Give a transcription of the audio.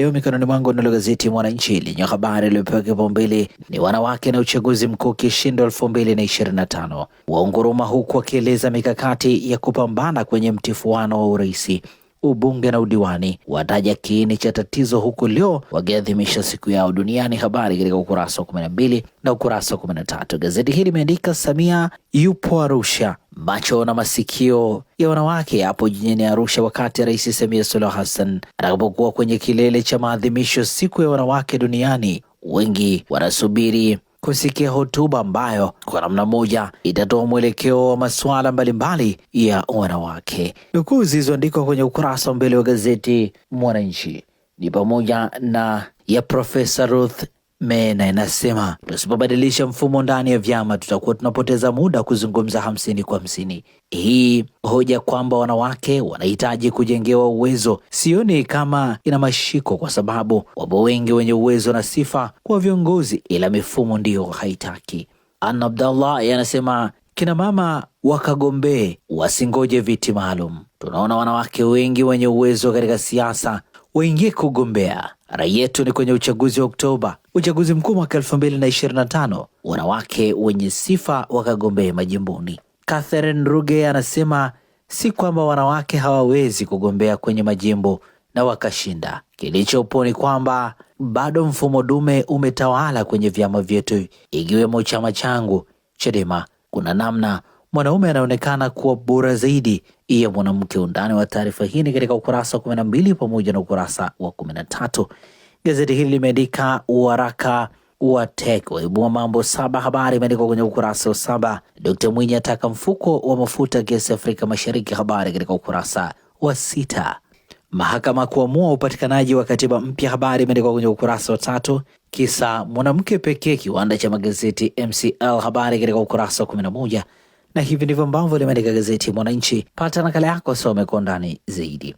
Leo mikononi mwangu nalo gazeti Mwananchi lenye habari iliyopewa kipaumbele ni wanawake na uchaguzi mkuu kishindo elfu mbili na ishirini na tano waunguruma, huku wakieleza mikakati ya kupambana kwenye mtifuano wa uraisi, ubunge na udiwani, wataja kiini cha tatizo, huku leo wakiadhimisha siku yao duniani. Habari katika ukurasa wa kumi na mbili na ukurasa wa kumi na tatu. Gazeti hili limeandika Samia yupo Arusha Macho na masikio ya wanawake hapo jijini Arusha wakati Rais Samia Suluhu Hassan atakapokuwa kwenye kilele cha maadhimisho siku ya wanawake duniani. Wengi wanasubiri kusikia hotuba ambayo kwa namna moja itatoa mwelekeo wa masuala mbalimbali ya wanawake. Nukuu zilizoandikwa kwenye ukurasa wa mbele wa gazeti Mwananchi ni pamoja na ya Profesa Ruth Mena inasema tusipobadilisha mfumo ndani ya vyama tutakuwa tunapoteza muda kuzungumza hamsini kwa hamsini. Hii hoja kwamba wanawake wanahitaji kujengewa uwezo sioni kama ina mashiko, kwa sababu wapo wengi wenye uwezo na sifa kwa viongozi, ila mifumo ndiyo haitaki. Anna Abdallah anasema kina mama wakagombee, wasingoje viti maalum. Tunaona wanawake wengi wenye uwezo katika siasa waingie kugombea. Rai yetu ni kwenye uchaguzi wa Oktoba, uchaguzi mkuu mwaka tano, wanawake wenye sifa wakagombee majimboni. Catherine Ruge anasema si kwamba wanawake hawawezi kugombea kwenye majimbo na wakashinda. Kilichopo ni kwamba bado mfumo dume umetawala kwenye vyama vyetu, ikiwemo chama changu Chadema. Kuna namna mwanaume anaonekana kuwa bora zaidi ya mwanamke. Undani wa taarifa hii ni katika ukurasa wa kumi na mbili pamoja na ukurasa wa kumi na tatu. Gazeti hili limeandika waraka wa TEC waibua mambo saba. Habari imeandikwa kwenye ukurasa wa saba. Dkt Mwinyi ataka mfuko wa mafuta gesi Afrika Mashariki. Habari katika ukurasa wa sita. Mahakama kuamua upatikanaji wa katiba mpya. Habari imeandikwa kwenye ukurasa wa tatu. Kisa mwanamke pekee kiwanda cha magazeti MCL. Habari katika ukurasa wa kumi na moja na hivi ndivyo ambavyo limeandika gazeti Mwananchi. Pata nakala yako, some kwa undani zaidi.